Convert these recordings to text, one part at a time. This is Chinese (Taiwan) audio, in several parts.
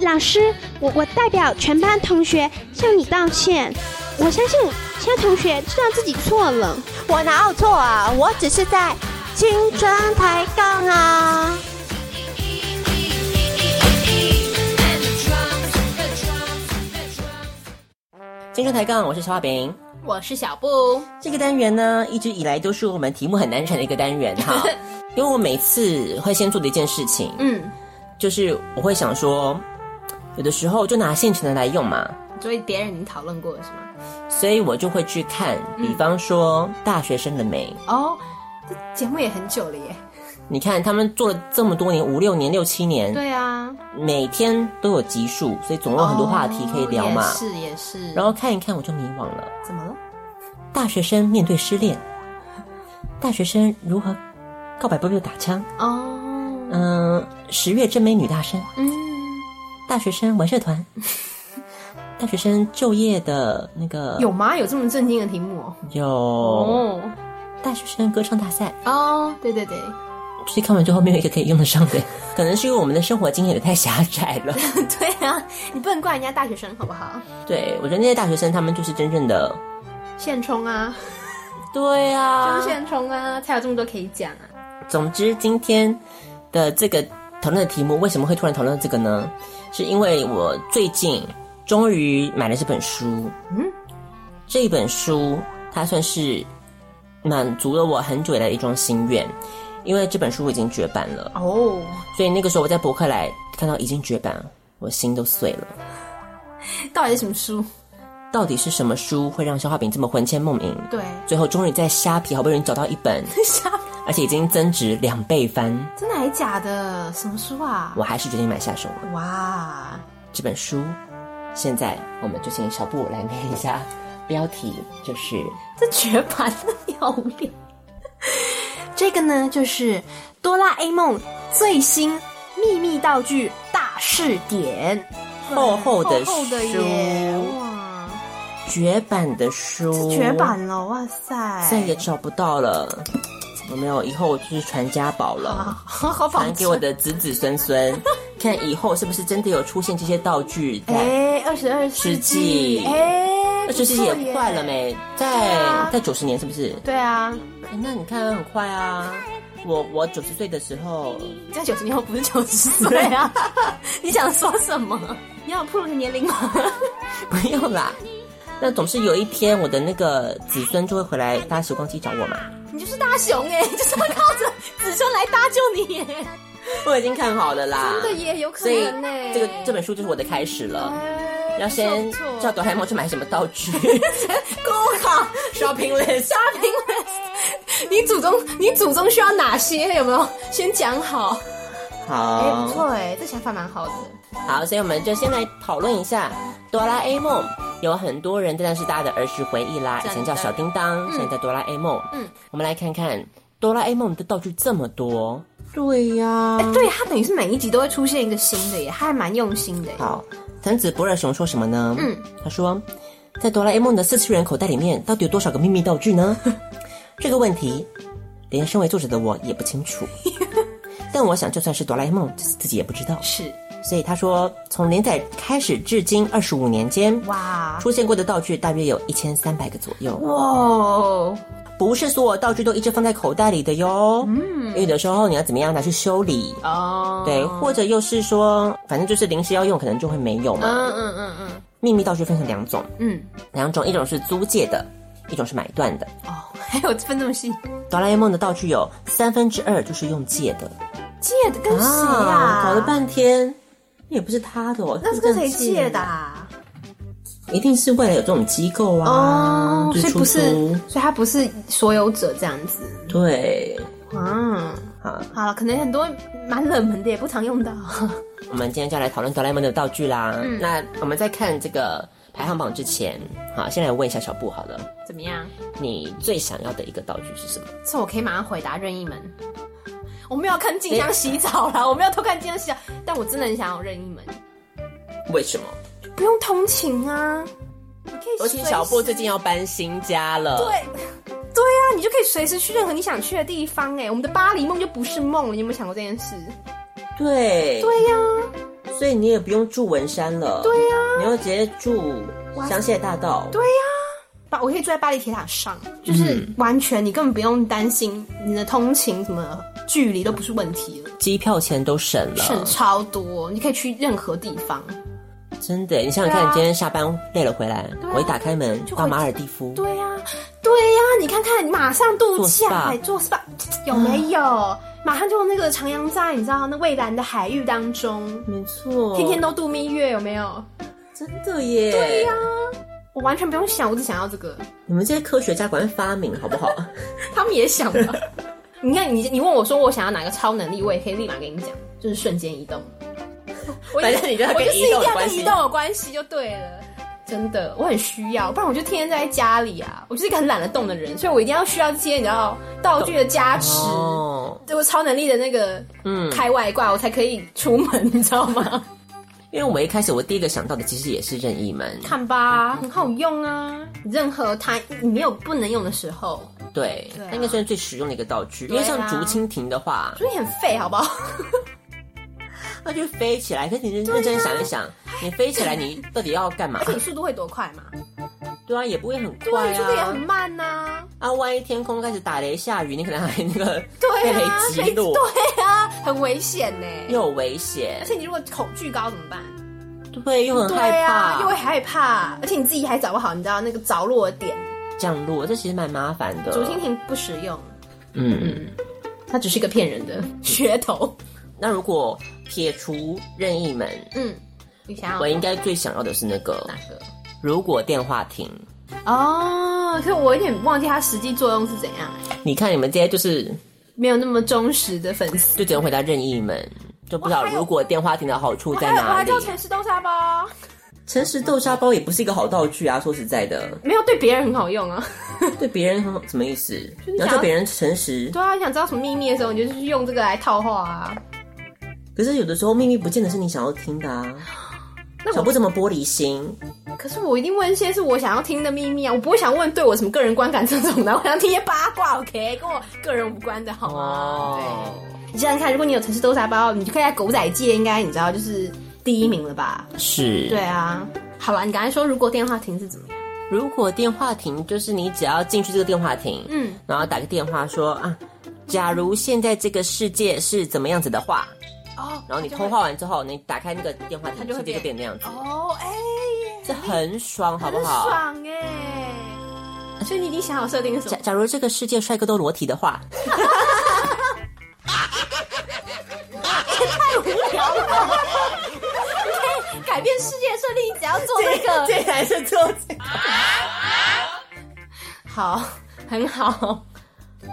老師，我我代表全班同學向你道歉。我相信其他同學知道自己錯了。我哪有錯啊？我只是在青春抬槓啊。青春抬槓，我是小花餅，我是小布。這個單元呢，一直以來都是我們題目很難成的一個單元哈。 因為我每次會先做的一件事情，嗯。就是我會想說，有的時候就拿現成的來用嘛。所以別人已經討論過了，是嗎？所以我就會去看，比方說《大學生的美》嗯。哦，這節目也很久了耶。你看他們做了這麼多年，五六年、六七年，對啊，每天都有集數，所以總有很多話題可以聊嘛。哦、也是也是。然後看一看，我就迷惘了。怎麼了？大學生面對失戀，大學生如何告白不被打槍？哦。嗯，十月真美女大生，嗯，大學生玩社團， 大學生就業的那個有嗎？有這麼震驚的題目哦？有，大學生歌唱大賽哦，對對對，這些看完之後沒有一個可以用得上的，可能是因為我們的生活經驗也太狹窄，了。 對啊，你不能怪人家大學生好不好？對，我覺得那些大學生他們就是真正的現充啊， 對啊，就是現充啊，才有這麼多可以講啊。總之今天。呃，這個討論的題目為什麼會突然討論這個呢？是因為我最近終於買了這本書。嗯，這本書它算是滿足了我很久以來的一樁心願，因為這本書已經絕版了哦。所以那個時候我在博客來看到已經絕版，我心都碎了。到底是什麼書？到底是什麼書會讓消化餅這麼魂牽夢縈？對，最後終於在蝦皮好不容易找到一本蝦皮。 而且已經增值兩倍翻，真的還是假的？什麼書啊？我還是決定買下手了。哇，這本書，現在我們就請小布來念一下標題，就是這絕版的要命。 這個呢，就是《哆啦 A 夢》最新秘密道具大事典。嗯，厚厚的書，厚厚的哇絕版的書，絕版了！哇塞，再也找不到了。有沒有，以後我就是傳家寶了，傳、啊、給我的子子孫孫， 看以後是不是真的有出現這些道具在、欸。哎，二十二世紀，哎，二十二世紀也快了沒？在、啊、在九十年是不是？對啊，欸、那你看很快啊，我我九十歲的時候，在九十年後不是九十歲啊？ 你想說什麼？你要暴露年齡嗎？ 不用啦。那總是有一天，我的那個子孫就會回來搭時光機找我嘛。你就是大雄哎，你就是會靠着子孫來搭救你耶。 我已經看好了啦，真的耶，有可能哎。這個這本書就是我的開始了，哎、要先叫哆啦 A 夢去買什麼道具公 o shopping list，shopping list。 你祖宗，你祖宗需要哪些？有沒有先講好？好，哎，不錯哎，這想法蠻好的。好，所以我們就先來討論一下哆啦 A 夢。有很多人，當然是大家的兒時回憶啦。以前叫小叮噹、嗯，現在叫哆啦 A 夢。嗯，我們來看看哆啦 A 夢的道具這麼多。對呀、啊，哎、欸，對，它等於是每一集都會出現一個新的耶，他還蠻用心的耶。好，藤子不二雄說什麼呢？嗯，他說，在哆啦 A 夢的四次元口袋裡面，到底有多少個秘密道具呢？ 這個問題，連身為作者的我也不清楚。 但我想，就算是哆啦 A 夢、就是、自己也不知道。是。所以他說，從連載開始至今二十五年間，哇，出現過的道具大約有一千三百個左右。哇，不是所有道具都一直放在口袋裡的喲，嗯，有的時候你要怎麼樣拿去修理哦，對，或者又是說，反正就是臨時要用，可能就會沒有嘛。嗯嗯嗯嗯。秘密道具分成兩種，嗯，兩種，一種是租借的，一種是買斷的。哦，還有這分這麼細。哆啦 A 夢的道具有三分之二就是用借的，借的跟誰呀？啊啊，搞了半天。也不是他的，哦，那是跟誰借的、啊？一定是為了有這種機構啊，哦、oh,，所以不是，所以他不是所有者這樣子。對，嗯、oh.，好，好了，可能很多蠻冷門的，也不常用的。 我們今天就來討論哆啦 A 夢的道具啦、嗯。那我們在看這個排行榜之前，好，先來問一下小布好了，怎麼樣？你最想要的一個道具是什麼？這我可以馬上回答，任意門。我們要看靜香洗澡了、欸，我們要偷看靜香洗澡，但我真的很想要任意門。為什麼？不用通勤啊，可以。而且小波最近要搬新家了。對，對呀、啊，你就可以隨時去任何你想去的地方、欸。哎，我們的巴黎夢就不是夢了。你有沒有想過這件事？對，對呀、啊，所以你也不用住文山了。對呀、啊，你要直接住香榭大道。對呀，巴，我可以住在巴黎鐵塔上，就是完全、嗯、你根本不用擔心你的通勤什麼。距離都不是問題了，機票錢都省了，省超多，你可以去任何地方。真的，你想想看，你今天下班累了回來，我一打開門，就到馬爾地夫，對呀，對呀，你看看，你馬上度假，做 SPA 有沒有？馬上就那個長洋在，你知道那蔚藍的海域當中，沒錯，天天都度蜜月，有沒有？真的耶，對呀，我完全不用想，我只想要這個。你們這些科學家管發明好不好？他們也想。你看，你你問我說，我想要哪個超能力，我也可以立馬給你講，就是瞬間移動我。反正你就要跟移動有關係。我就是一定要跟移動有關係就對了。真的，我很需要，不然我就天天在家裡啊。我就是一個很懶得動的人，所以我一定要需要這些你知道道具的加持，對、哦、我、就是、超能力的那個嗯，開外掛、嗯，我才可以出門，你知道嗎？因為我們一開始我第一個想到的其實也是任意門。看吧，很好用啊，嗯嗯嗯，任何它你沒有不能用的時候。對，它、啊、應該算是最實用的一個道具、啊，因為像竹蜻蜓的話，所以很廢好不好？那 就飛起來。可是你認認真想一想、啊，你飛起來，你到底要幹嘛？而且你速度會多快嘛？對啊，也不會很快啊，速度、啊、也很慢吶、啊。啊，萬一天空開始打雷下雨，你可能還那個對、啊、被雷擊中，對啊，很危險呢，又有危險。而且你如果恐懼高怎麼辦？對，又很害怕，啊、又會害怕， 而且你自己還找不好，你知道那個着落的點。降落，這其實蠻麻煩的。竹蜻蜓不實用，嗯嗯，它只是一個騙人的噱 穴頭。 那如果撇除任意門，嗯，我想要我，我應該最想要的是那個、那個、如果電話亭哦，可是我有點忘記它實際作用是怎樣。你看你們這些就是沒有那麼忠實的粉絲，就只能回答任意門，就不知道如果電話亭的好處在哪裡？城市登沙包。誠實豆沙包也不是一個好道具啊！說實在的，沒有對別人很好用啊。 對別人很好什麼意思？就是、要，你要叫別人誠實？對啊，想知道什麼秘密的時候，你就去用這個來套話啊。可是有的時候秘密不見得是你想要聽的啊。那小不怎麼玻璃心？可是我一定問些是我想要聽的秘密啊！我不會想問對我什麼個人觀感這種的，我想聽些八卦，OK？跟我個人無關的好嗎？對，你想想看，如果你有誠實豆沙包，你就可以在狗仔界，應該你知道就是。第一名了吧？是，對啊。好了，你剛才說如果電話亭是怎麼樣？如果電話亭就是你只要進去這個電話亭，嗯，然後打個電話說啊，假如現在這個世界是怎麼樣子的話，哦、嗯，然後你通話完之後，哦、你打開那個電話，它就會變成這個點那樣子。哦，哎、欸欸，這很爽，好不好？欸、很爽哎、欸！所以你你想好設定是什麼？啊、假假如這個世界帥哥都裸體的話， 啊啊 啊啊、 太無聊了。 改變世界設定，順利只要做那個，還是做這個。好，很好，嗯、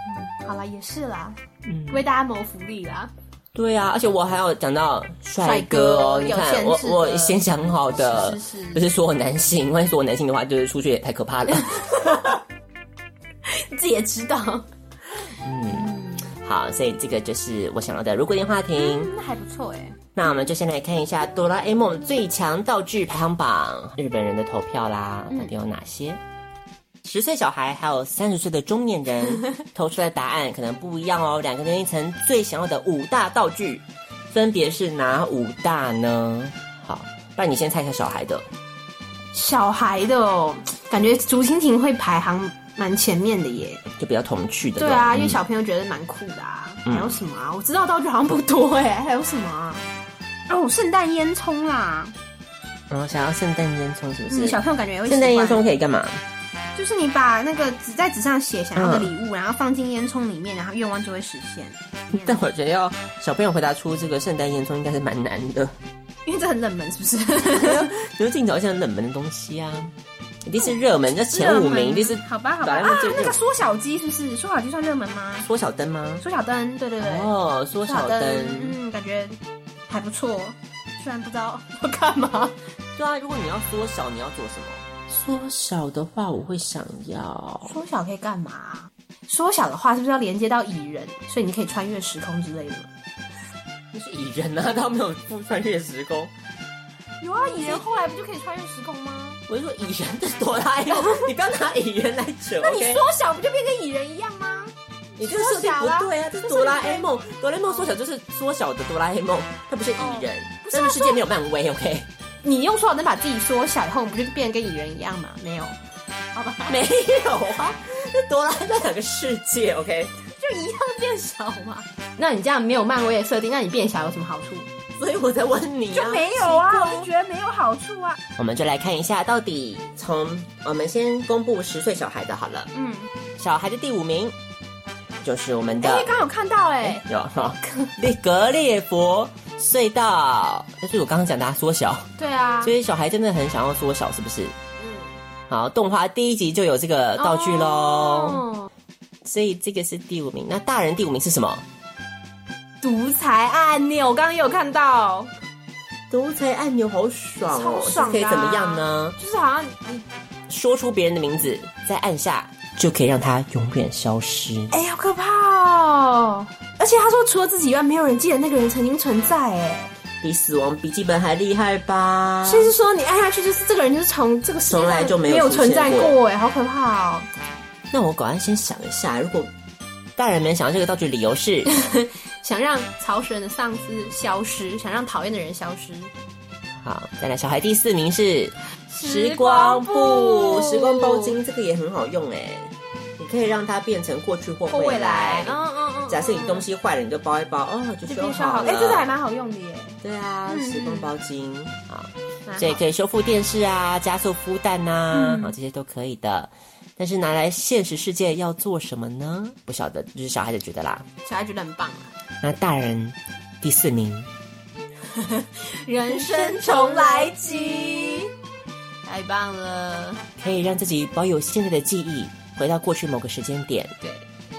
好啦，也是啦，嗯，為大家謀福利啦。對呀、啊，而且我還要講到帥哥哦，哦。你看，我我先想好的，是是是不是說我男性，萬一說我男性的話，就是出去也太可怕了。 你自己也知道，嗯。好，所以這個就是我想要的。如果電話亭，那、嗯、還不錯哎、欸。那我們就先來看一下《哆啦 A 夢》最強道具排行榜，日本人的投票啦，嗯、到底有哪些？十歲小孩還有三十歲的中年人投出來答案可能不一樣哦。兩 個年齡層最想要的五大道具，分別是哪五大呢？好，不然你先猜一下小孩的。小孩的、哦，感覺竹蜻蜓會排行。蠻前面的耶，就比較童趣的。對啊，嗯、因為小朋友覺得蠻酷的啊。還有什麼啊？嗯、我知道道具好像不多哎、欸，還有什麼、啊？哦，聖誕煙囪啦。嗯、哦，想要聖誕煙囪是不是？你小朋友感覺有聖誕煙囪可以幹嘛？就是你把那個紙在紙上寫想要的禮物、嗯，然後放進煙囪裡面，然後願望就會實現。但我覺得要小朋友回答出這個聖誕煙囪應該是蠻難的，因為這很冷門，是不是？你要鏡頭一些很冷門的東西啊。一定是熱門，就前五名，一定是。好吧，好吧啊，那個縮小機是不是？縮小機算熱門嗎？縮小燈嗎？縮小燈，對對對。哦，縮小燈，嗯，感覺還不錯，雖然不知道要幹嘛。對啊，如果你要縮小，你要做什麼？縮小的話，我會想要。縮小可以幹嘛？縮小的話，是不是要連接到蟻人，所以你可以穿越時空之類的？那是蟻人啊，他沒有不穿越時空。有啊，蟻人後來不就可以穿越時空嗎？我就說蟻人，這是哆啦 A 夢， 你不要拿蟻人來扯。 okay? 那你縮小不就變跟蟻人一樣嗎？你這個設定不對啊！這是哆啦 A 夢，哆啦 A 夢縮小就是縮小的哆啦 A 夢，哦，它不是蟻人，哦不是啊。但是世界沒有漫威，OK？你用縮小燈把自己縮小，然後不就變跟蟻人一樣嗎？沒有，好吧， 沒有啊。那哆啦 A 夢在兩個世界，OK？就一樣變小嘛？那你這樣沒有漫威的設定，那你變小有什麼好處？所以我在問你、啊，就沒有啊？我們覺得沒有好處啊。我們就來看一下到底從我們先公布十歲小孩的好了。嗯，小孩的第五名就是我們的。哎、欸，剛剛有看到哎、欸欸，有哈、哦、格列佛隧道，就是我剛剛講大家縮小。對啊，所以小孩真的很想要縮小，是不是？嗯。好，動畫第一集就有這個道具嘍。嗯、哦，所以這個是第五名。那大人第五名是什麼？獨裁按鈕，我剛剛也有看到。獨裁按鈕好爽，喔，超爽啊，可以怎麼樣呢？就是好像、嗯、說出別人的名字，再按下就可以讓他永遠消失。哎、欸，好可怕哦、喔！而且他說除了自己以外，沒有人記得那個人曾經存在、欸。哎，比死亡筆記本還厲害吧？所以是說你按下去，就是這個人就是從這個時候從來就沒有沒存在過、欸。哎，好可怕哦、喔！那我趕快先想一下，如果。大人們想要這個道具，理由是 想讓潮水人的喪屍消失，想讓討厭的人消失。好，再來小孩第四名是時光布、時光，時光包巾，這個也很好用哎、欸，你可以讓它變成過去或未來。嗯嗯、哦哦哦、假設你東西壞了、哦，你就包一包，哦，就好這好哎、欸，這個還蠻好用的耶。對啊，時光包巾啊，也、嗯、可以修復電視啊，加速孵蛋吶、啊，啊、嗯，這些都可以的。但是拿來現實世界要做什麼呢？不曉得，就是小孩子覺得啦，小孩子覺得很棒啊。那大人，第四名， 人生重來機，太棒了，可以讓自己保有現在的記憶，回到過去某個時間點。對，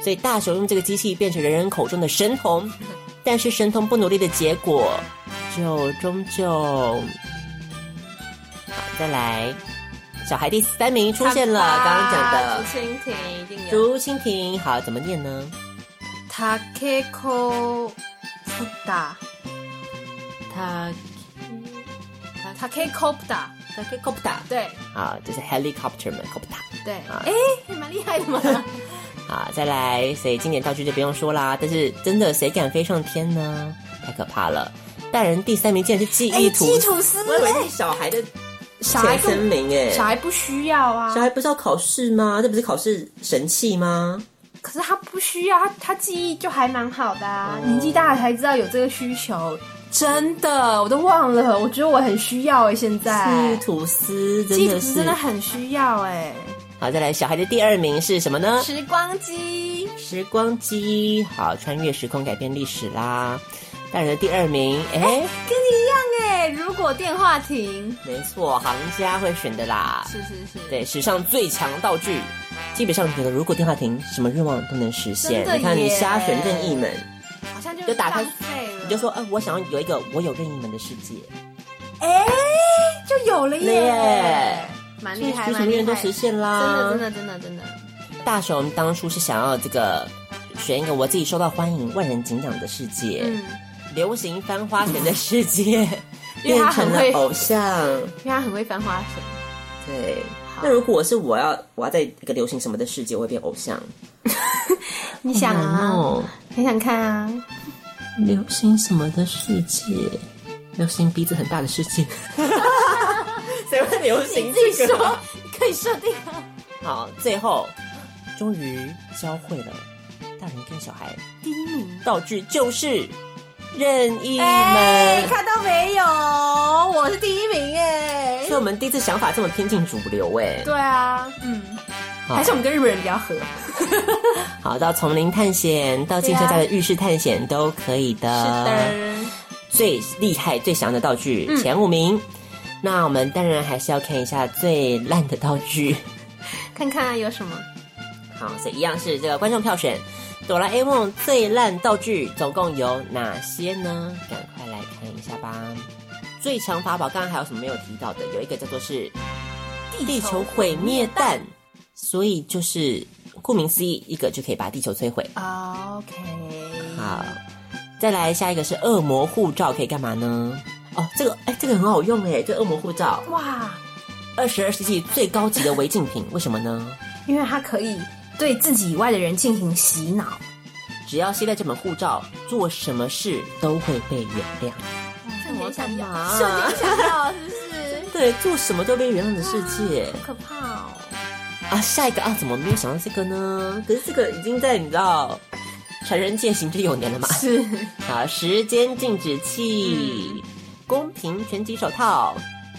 所以大雄用這個機器變成人人口中的神童， 但是神童不努力的結果，就終究好，再來。小孩第三名出現了，剛剛講的竹蜻蜓一定有，竹蜻蜓，好，怎麼念呢？Takekoputa，Take，Takekoputa，Takekoputa，對，啊，就是 helicopter 嘛，koputa，對，啊，哎，蠻厲害的嘛，啊，再來，所以經典道具就不用說啦，但是真的，誰敢飛上天呢？太可怕了，大人第三名，竟然是記憶吐司，餵餵，小孩的。小孩、欸、小孩不需要啊！小孩不是要考試嗎？這不是考試神器嗎？可是他不需要，他他記憶就還蠻好的、啊哦。年紀大了才知道有這個需求，真的我都忘了。我覺得我很需要哎、欸，現在記憶吐司，真的是。吐司真的很需要哎、欸。好，再來，小孩的第二名是什麼呢？時光機，時光機，好，穿越時空改變歷史啦。大人的第二名，哎、欸，給、欸、你。如果電話亭，沒錯，行家會選的啦。是是是，對，史上最強道具。基本上你覺得如果電話亭，什麼願望都能實現。你看你瞎選任意門，好像就就打成廢了。你就說、欸，我想要有一個我有任意門的世界。哎、欸，就有了耶，蠻厲害，就什麼願望都實現啦。真的真的真的真的。大雄當初是想要這個，選一個我自己受到歡迎、萬人景仰的世界，嗯、流行翻花繩的世界。 因為他很會變成了偶像，因為他很會翻花繩。對，那如果我是我要，我要在一個流行什麼的世界，我會變偶像。 你想啊，很、哦、想看啊？流行什麼的世界？流行鼻子很大的世界？誰問流行？你自己說， 可以設定啊。好，最後終於教會了大人跟小孩。第一名道具就是，任意門、欸，看到沒有？我是第一名哎、欸！所以我們第一次想法這麼偏近主流哎、欸。對啊，嗯，還是我們跟日本人比較合。 好，到叢林探險，到靜香家的浴室探險、啊、都可以的。是的。最厲害、最強的道具、嗯、前五名，那我們當然還是要看一下最爛的道具，看看、啊、有什麼。好，所以一樣是這個觀眾票選。《哆啦 A 夢》最爛道具總共有哪些呢？趕快來看一下吧！最強法寶，剛剛還有什麼沒有提到的？有一個叫做是地球毀滅彈，所以就是顧名思義，一個就可以把地球摧毀。Oh, OK。好，再來下一個是惡魔護照，可以幹嘛呢？哦，這個哎、欸，這個很好用哎，這惡魔護照。哇！二十二世紀最高級的違禁品， 為什麼呢？因為它可以。對自己以外的人進行洗腦，只要攜帶這本護照，做什麼事都會被原諒。啊、這沒想到。是、啊、你想要、啊，是不是？ 對，做什麼都被原諒的世界、啊、好可怕哦！啊，下一個啊，怎麼沒有想到這個呢？可是這個已經在你知道成人踐行這有年成人界行之有年了嘛。是好、啊、時間靜止器、嗯，公平拳擊手套。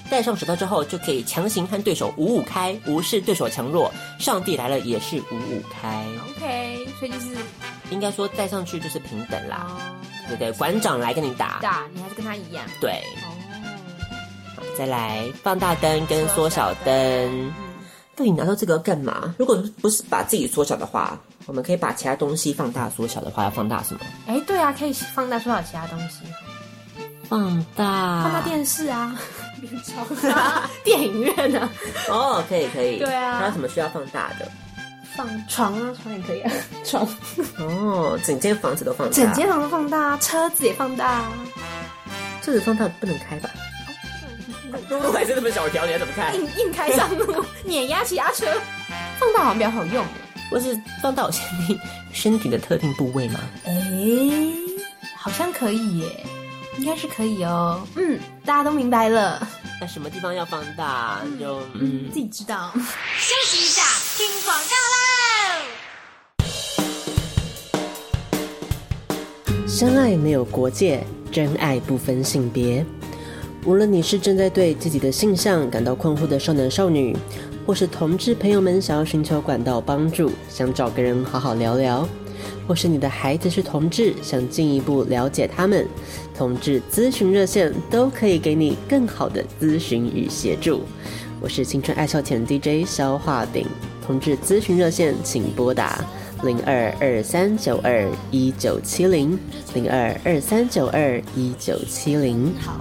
戴上手套之後，就可以強行和對手五五開，無視對手強弱。上帝來了也是五五開。OK，所以就是應該說戴上去就是平等啦，哦、對不對？館長來跟你打，打你還是跟他一樣。對。哦。好，再來放大燈跟縮小燈。那你拿到這個幹嘛？如果不是把自己縮小的話，我們可以把其他東西放大、縮小的話，要放大什麼？哎，對啊，可以放大、縮小其他東西。放大。放大電視啊。啊、 電影院啊！哦，可以可以。對啊，還有什麼需要放大的？放床啊，床也可以啊，床。哦，整間房子都放大。整間房子放大，車子也放大。車子放大不能開吧？都 本是那麼小條，你要怎麼開？硬硬開上路， 碾壓其他車。放大好像比較好用。我是放大我身體身體的特定部位嗎？哎、欸，好像可以耶。應該是可以哦。嗯，大家都明白了。那什麼地方要放大，啊？你就，嗯，自己知道。休，嗯，息一下，聽廣告啦。相愛沒有國界，真愛不分性別。無論你是正在對自己的性向感到困惑的少男少女，或是同志朋友們想要尋求管道幫助，想找個人好好聊聊，或是你的孩子是同志，想進一步了解他們，同志諮詢熱線都可以給你更好的諮詢與協助。我是青春愛消遣 DJ 肖化餅，同志諮詢熱線請撥打零二二三九二一九七零零二二三九二一九七零。好。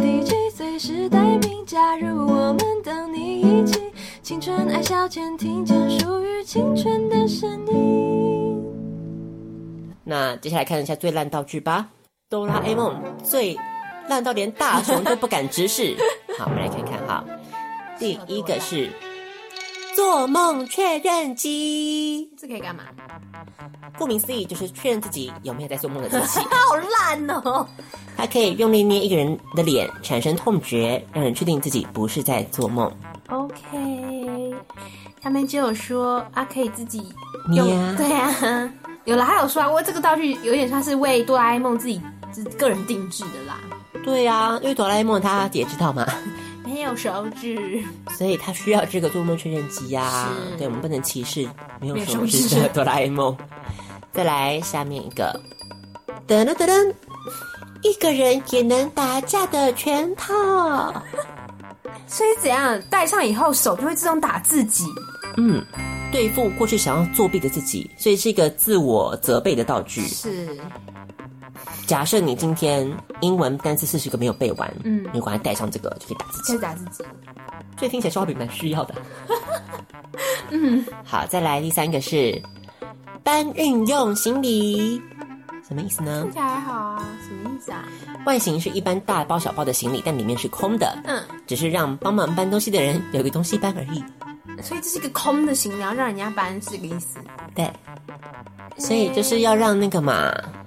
DJ 隨時待命，加入我們等你一起。青春愛消遣，傾聽屬於青春的聲音。那接下來看一下最爛道具吧，哆啦 A 夢最爛到連大雄都不敢直視。 好，我們來看看哈，第一個是。做夢確認機，這可以幹嘛？顧名思義，就是確認自己有沒有在做夢的機器。 好爛哦、喔！它可以用力捏一個人的臉，產生痛覺，讓人確定自己不是在做夢。OK，他們就有說啊，可以自己捏、啊。對啊，有了。還有說啊，我這個道具有點像是為哆啦 A 夢自己、就是、個人定制的啦。對呀、啊，因為哆啦 A 夢他也知道嘛。沒有手指，所以他需要這個做夢確認機呀。對，我們不能歧視沒有手指的哆啦 A 夢。再來下面一個，噔噔噔噔，一個人也能打架的拳套。所以怎樣？戴上以後，手就會自動打自己。嗯，對付過去想要作弊的自己，所以是一個自我責備的道具。是。假設你今天英文單詞四十個沒有背完，嗯，你如果帶上這個就可以打字機，其實打字機，所以聽起來說話比蠻需要的。 嗯，好，再來第三個是搬運用行李，什麼意思呢？聽起來還好啊，什麼意思啊？外形是一般大包小包的行李，但裡面是空的。嗯，只是讓幫忙搬東西的人有一個東西搬而已。所以這是一個空的行李，要讓人家搬是這個意思。對，所以就是要讓那個嘛。欸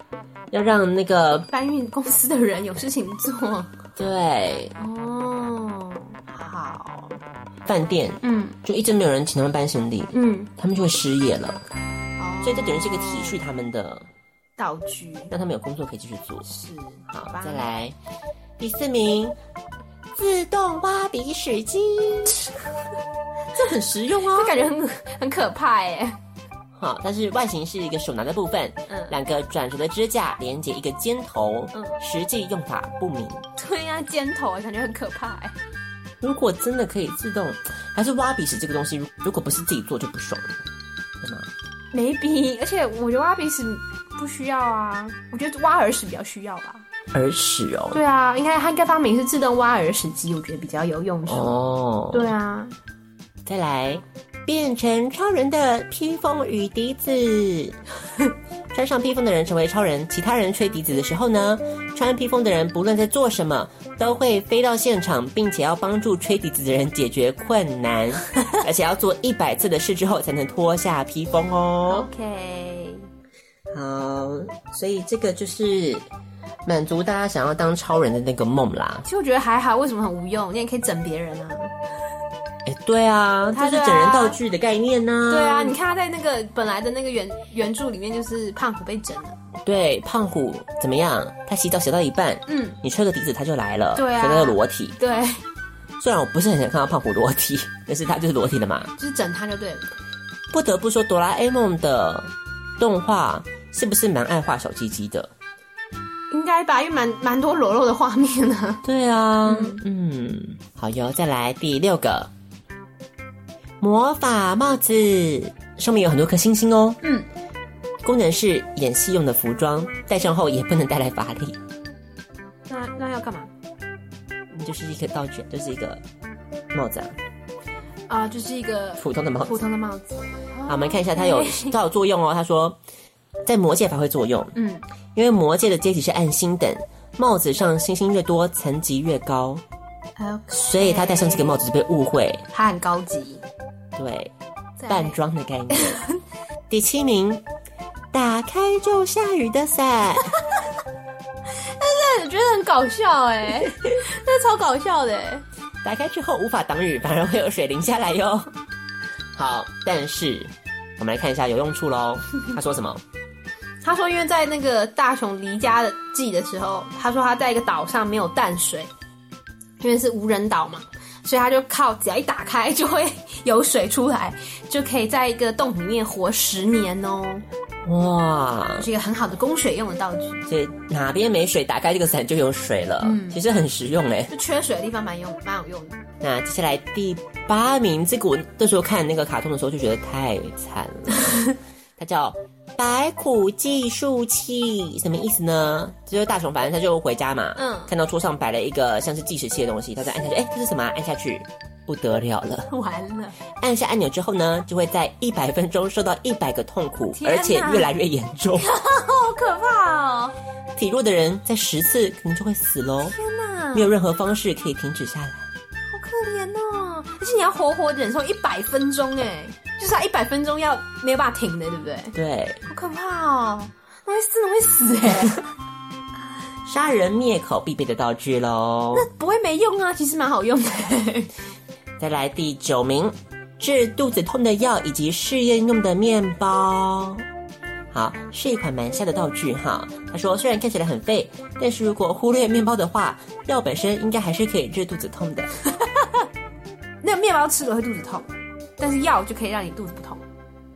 要讓那個搬運公司的人有事情做，對哦，好，飯店，嗯，就一直沒有人請他們搬行李，嗯，他們就會失業了，所以這等於是一個體恤他們的道具，讓他們有工作可以繼續做。是，好吧。再來第四名，自動挖鼻屎機， 這很實用哦，這感覺很很可怕哎、欸。好，但是外形是一個手拿的部分，嗯，兩個轉軸的支架連接一個尖頭，嗯，實際用法不明。對呀、啊，尖頭，我感覺很可怕哎。如果真的可以自動，還是挖鼻屎這個東西，如果不是自己做就不爽了，對嗎？Maybe，而且我覺得挖鼻屎不需要啊，我覺得挖耳屎比較需要吧。耳屎哦？對啊，應該它應該發明是自動挖耳屎機，我覺得比較有用哦。對啊，再來。嗯變成超人的披風與笛子， 穿上披風的人成為超人，其他人吹笛子的時候呢，穿披風的人不論在做什麼，都會飛到現場，並且要幫助吹笛子的人解決困難， 而且要做一百次的事之後才能脫下披風哦。OK，好，所以這個就是滿足大家想要當超人的那個夢啦。其實我覺得還好，為什麼很無用？你也可以整別人啊。哎、欸，對啊，就、嗯啊、是整人道具的概念呢、啊。對啊，你看他在那個本來的那個原原著裡面，就是胖虎被整了。對，胖虎怎麼樣？他洗澡洗到一半，嗯，你吹個笛子他就來了。對啊，那個裸體。對，雖然我不是很想看到胖虎裸體，但是他就是裸體的嘛。就是整他就對了。不得不說，哆啦 A 夢的動畫是不是蠻愛畫小雞雞的？應該吧，因為蠻蠻多裸露的畫面呢。對啊，嗯，嗯好喲，再來第六個。魔法帽子，上面有很多顆星星哦、喔。嗯，功能是演戲用的服裝，戴上後也不能帶來法力。那那要幹嘛、嗯？就是一個道具，就是一個帽子啊。啊，就是一個普通的帽子。普通的帽子。啊嗯、好，我們看一下它有它有作用哦、喔。他 說，在魔界發揮作用。嗯，因為魔界的階級是按星等，帽子上星星越多，層級越高。Okay、所以，他戴上這個帽子就被誤會，他很高級。對，淡妝的概念。 第七名，打開就下雨的傘， 但是我覺得很搞笑哎、欸，那 超搞笑的、欸。打開之後無法擋雨，反而會有水淋下來喲。好，但是我們來看一下有用處嘍。他說什麼？ 他說因為在那個大雄離家的記的時候，他說他在一個島上沒有淡水，因為是無人島嘛。所以它就靠只要一打開就會有水出來，就可以在一個洞裡面活十年哦。哇，是一個很好的供水用的道具。所以哪邊沒水，打開這個傘就有水了。嗯，其實很實用哎，就缺水的地方蠻用，蠻有用的。那接下來第八名，這個我那時候看那個卡通的時候就覺得太慘了， 它叫。百苦計數器什麼意思呢？就是大雄，反正他就回家嘛。嗯，看到桌上擺了一個像是計時器的東西，他在按下去。哎、欸，這是什麼、啊？按下去不得了了，完了！按下按鈕之後呢，就會在一百分鐘受到一百個痛苦，而且越來越嚴重。 好可怕哦！體弱的人在十次可能就會死嘍。天哪，沒有任何方式可以停止下來。好可憐哦，而且你要活活忍受一百分鐘哎、欸。就是他一百分鐘要沒有辦法停的，對不對？對，好可怕哦、喔，會死，會死哎、欸！殺 人滅口必備的道具嘍。那不會沒用啊，其實蠻好用的。再來第九名，治肚子痛的藥以及試驗用的麵包。好，是一款蠻瞎的道具哈。他說，雖然看起來很廢，但是如果忽略麵包的話，藥本身應該還是可以治肚子痛的。 那個麵包吃了會肚子痛？但是藥就可以讓你肚子不痛，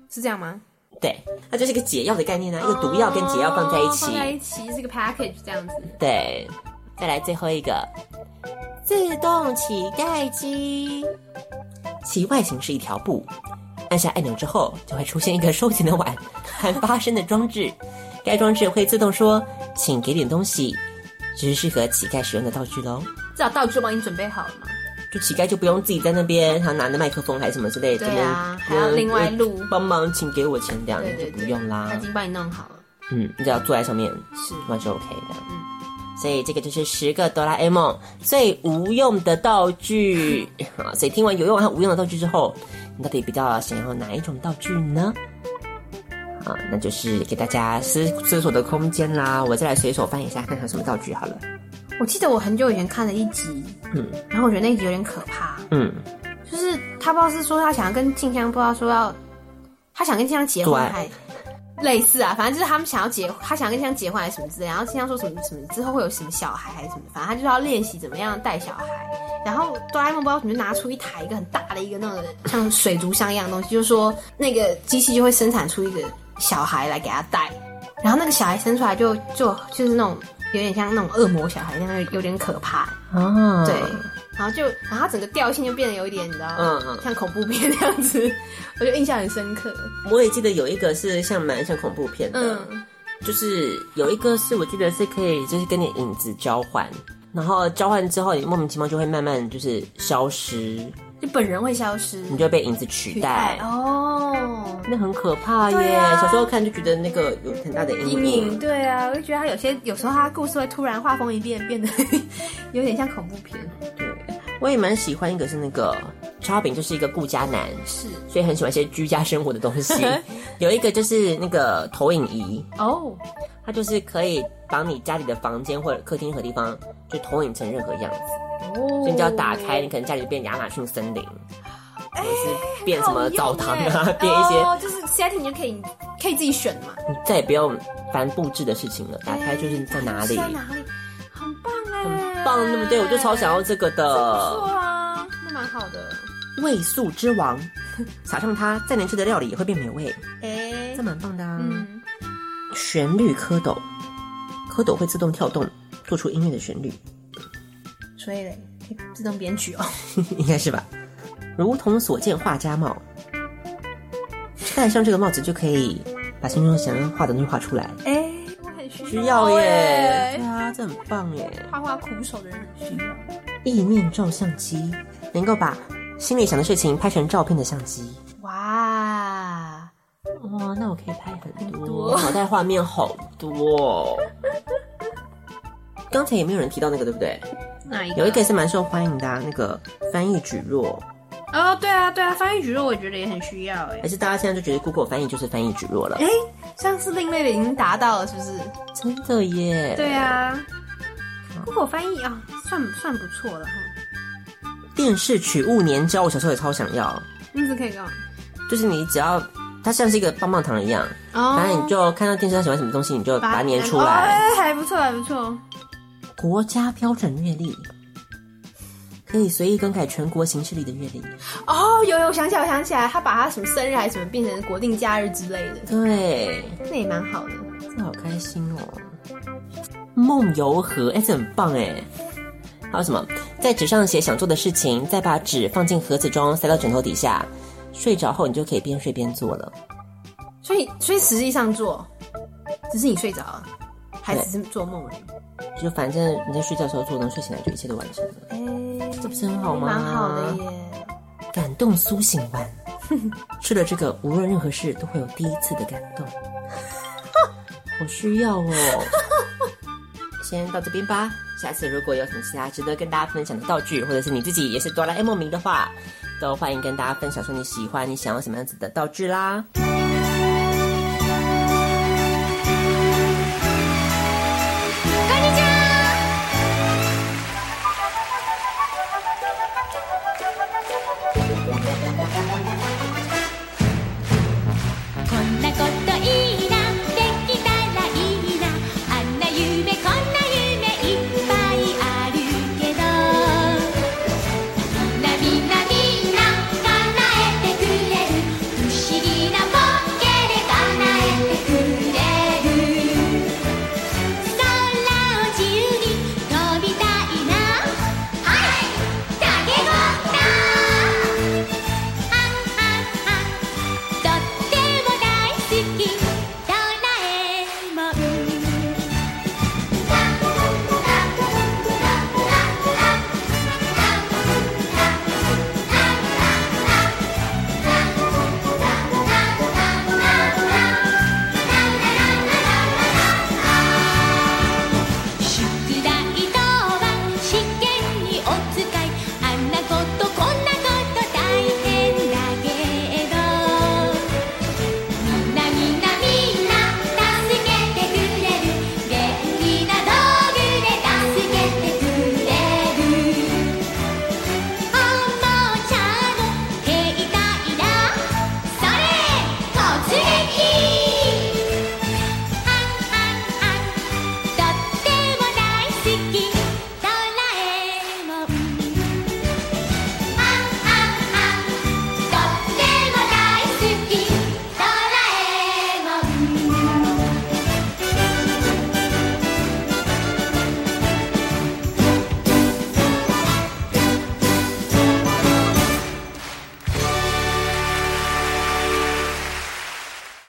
是這樣嗎？對，那就是個解藥的概念呢、啊，一個毒藥跟解藥放在一起，哦、放在一起是個 package 這樣子。對，再來最後一個自動乞丐機，其外形是一條布，按下按鈕之後就會出現一個收錢的碗 和發聲的裝置，該裝置會自動說“請給點東西”，只適合乞丐使用的道具嘍。這道道具我幫你準備好了嗎？就乞丐就不用自己在那邊，他、嗯啊、拿着麥克風還是什麼之類的，對啊這邊，還要另外錄幫、呃、忙，請給我錢這樣就不用啦。對對對，他已經幫你弄好了，嗯，你只要坐在上面是那、嗯、就 OK 這樣。嗯，所以這個就是十個哆啦 A 夢最無用的道具 好，所以聽完有用和無用的道具之後，你到底比較想要哪一種道具呢？啊，那就是給大家思索的空間啦。我再來隨手翻一下，看看什麼道具好了。我記得我很久以前看了一集，嗯，然後我覺得那一集有點可怕，嗯，就是他不知道是說他想要跟靜香不知道說要，他想跟靜香結婚還類似啊，反正就是他們想要結，他想跟靜香結婚還是什麼之類，然後靜香說什麼什麼之後會有什麼小孩還是什麼，反正他就是要練習怎麼樣帶小孩。然後哆啦 A 夢不知道怎麼就拿出一台一個很大的一個那種像水族箱一樣的東西，就是說那個機器就會生產出一個小孩來給他帶。然後那個小孩生出來就就就是那種。有點像那種惡魔小孩，那樣有點可怕哦，啊。對，然後就然後他整個調性就變得有一點，你知道嗎？嗯嗯。像恐怖片那樣子，我就印象很深刻。我也記得有一個是像蠻像恐怖片的，嗯，就是有一個是我記得是可以，就是跟你影子交換，然後交換之後你莫名其妙就會慢慢就是消失，就本人會消失，你就會被影子取代，取代哦。那很可怕耶！啊，小時候看就覺得那個有很大的陰影。嗯。對啊，我就覺得他有些有時候他故事會突然畫風一變，變得 有點像恐怖片。對，我也蠻喜歡一個，是那個超品就是一個顧家男，是，所以很喜歡一些居家生活的東西。 有一個就是那個投影儀哦，oh. 它就是可以把你家裡的房間或者客廳和地方就投影成任何樣子。哦、oh.，所以你只要打開，你可能家裡就變亞馬遜森林。也是變什麼澡堂啊、欸欸，變一些，哦、就是家庭就可以可以自己選嘛。你再也不用煩布置的事情了，打開就是在哪裡，欸欸、在哪裡，很棒啊、欸，很棒對不對。那麼對我就超想要這個的，欸、不錯啊，那蠻好的。味素之王，撒上它，再難吃的料理也會變美味。哎、欸，這蠻棒的啊、嗯。旋律蝌蚪，蝌蚪會自動跳動，做出音樂的旋律，所以嘞，可以自動編曲哦， 應該是吧。如同所見畫家帽，戴上這個帽子就可以把心中想要畫的東西畫出來。哎、欸，我很需，需要耶！對、欸、啊，這很棒耶！畫畫苦手的人很需要。意念照相機能夠把心裡想的事情拍成照片的相機。哇，哇，那我可以拍很多，腦袋畫面好多。剛 才也沒有人提到那個，對不對？哪一個？有一個是蠻受歡迎的、啊，那個翻譯蒟蒻。哦、oh,，對啊，對啊，翻譯蒟蒻我覺得也很需要哎，還是大家現在就覺得 Google 翻譯就是翻譯蒟蒻了？哎，上次另類的已經達到了，是不是？真的耶！對啊，Google 翻譯啊、哦，算算不錯了。哈。電視取物粘膠，我小時候也超想要。你怎可以講？就是你只要它像是一個棒棒糖一樣，oh, 反正你就看到電視上喜歡什麼東西，你就把它粘出來、哦哎。還不錯，還不錯。國家標準月曆。可以隨意更改全國行事曆的日曆哦，oh, 有有，我想起來，我想起來，他把他什麼生日還是什麼變成國定假日之類的，對，對那也蠻好的，這好開心哦。夢遊盒，哎、欸，這很棒哎。還有什麼？在紙上寫想做的事情，再把紙放進盒子中，塞到枕頭底下，睡着後你就可以邊睡邊做了。所以，所以實際上做，只是你睡着啊。還只是做夢哎，就反正你在睡覺的時候做的，然後睡醒來就一切都完成了，哎、欸，這不是很好嗎？蠻好的耶，感動甦醒丸 吃了這個，無論任何事都會有第一次的感動， 好需要哦。 先到這邊吧，下次如果有什麼其他值得跟大家分享的道具，或者是你自己也是哆啦 A 夢迷的話，都歡迎跟大家分享說你喜歡你想要什麼樣子的道具啦。